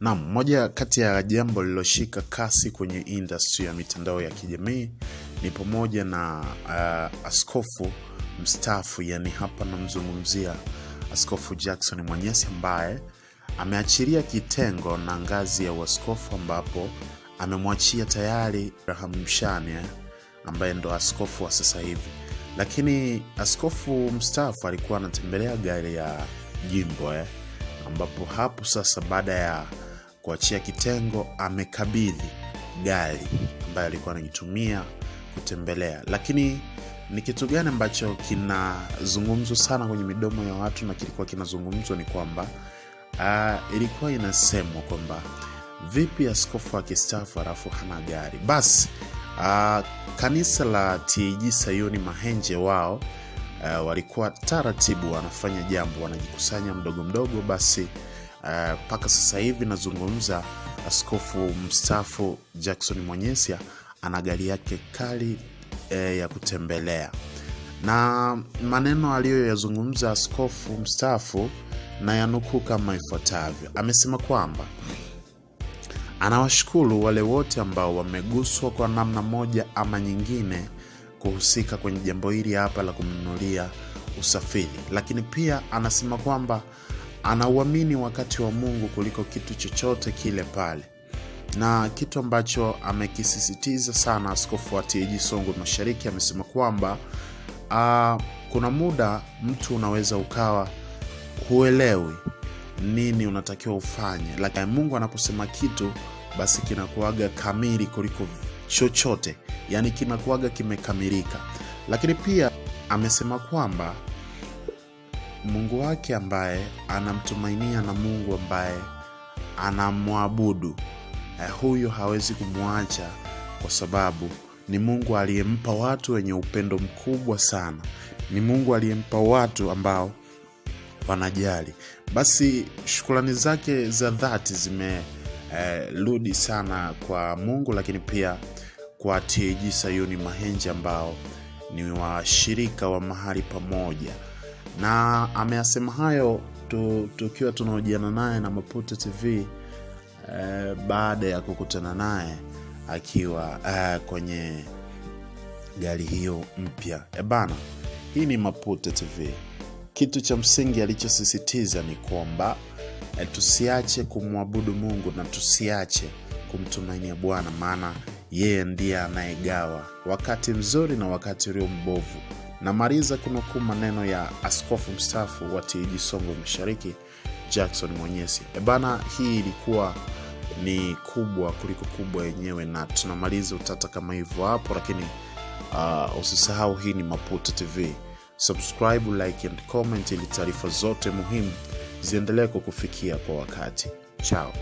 Naam, moja kati ya jambo lililoshika kasi kwenye industry ya mitandao ya kijamii ni pamoja na uh, askofu mstaafu, yani hapa namzungumzia Askofu Jackson Mwenyesi ambaye ameachilia kitengo na ngazi ya uaskofu ambapo amemwachia tayari Abraham mshani ambaye ndo askofu wa sasa hivi, lakini askofu mstaafu alikuwa anatembelea gari ya jimbo eh ambapo hapo sasa baada ya kuachia kitengo amekabidhi gari ambayo alikuwa anajitumia kutembelea. Lakini ni kitu gani ambacho kinazungumzwa sana kwenye midomo ya watu na kilikuwa kinazungumzwa ni kwamba uh, ilikuwa inasemwa kwamba vipi askofu kistafu halafu hana gari? Basi uh, kanisa la tg Sayuni Mahenje wao uh, walikuwa taratibu wanafanya jambo, wanajikusanya mdogo mdogo, basi eh, mpaka uh, sasa hivi nazungumza, askofu mstaafu Jackson mwenyesia ana gari yake kali eh, ya kutembelea na maneno aliyoyazungumza askofu mstaafu na yanukuu kama ifuatavyo. Amesema kwamba anawashukuru wale wote ambao wameguswa kwa namna moja ama nyingine kuhusika kwenye jambo hili hapa la kumnunulia usafiri, lakini pia anasema kwamba anauamini wakati wa Mungu kuliko kitu chochote kile pale, na kitu ambacho amekisisitiza sana Askofu wa TAG Songwe Mashariki amesema kwamba uh, kuna muda mtu unaweza ukawa huelewi nini unatakiwa ufanye, lakini Mungu anaposema kitu basi kinakuaga kamili kuliko chochote yani kinakuaga kimekamilika. Lakini pia amesema kwamba Mungu wake ambaye anamtumainia na Mungu ambaye anamwabudu eh, huyo hawezi kumwacha kwa sababu ni Mungu aliyempa watu wenye upendo mkubwa sana. Ni Mungu aliyempa watu ambao wanajali. Basi shukrani zake za dhati zimerudi eh, sana kwa Mungu, lakini pia kwa TAG Sayuni Mahenji ambao ni washirika wa mahali pamoja, na ameyasema hayo tukiwa tunahojiana naye na Maputo TV eh, baada ya kukutana naye akiwa eh, kwenye gari hiyo mpya ebana. Eh, hii ni Maputo TV. Kitu cha msingi alichosisitiza ni kwamba eh, tusiache kumwabudu Mungu na tusiache kumtumainia Bwana maana yeye ndiye anayegawa wakati mzuri na wakati ulio mbovu. Namaliza kunukuu maneno ya askofu mstaafu wa TG Songwe Mashariki, Jackson mwenyesi Ebana, hii ilikuwa ni kubwa kuliko kubwa yenyewe, na tunamaliza utata kama hivyo hapo, lakini uh, usisahau hii ni Maputo TV. Subscribe, like and comment ili taarifa zote muhimu ziendelee kukufikia kwa wakati. Chao.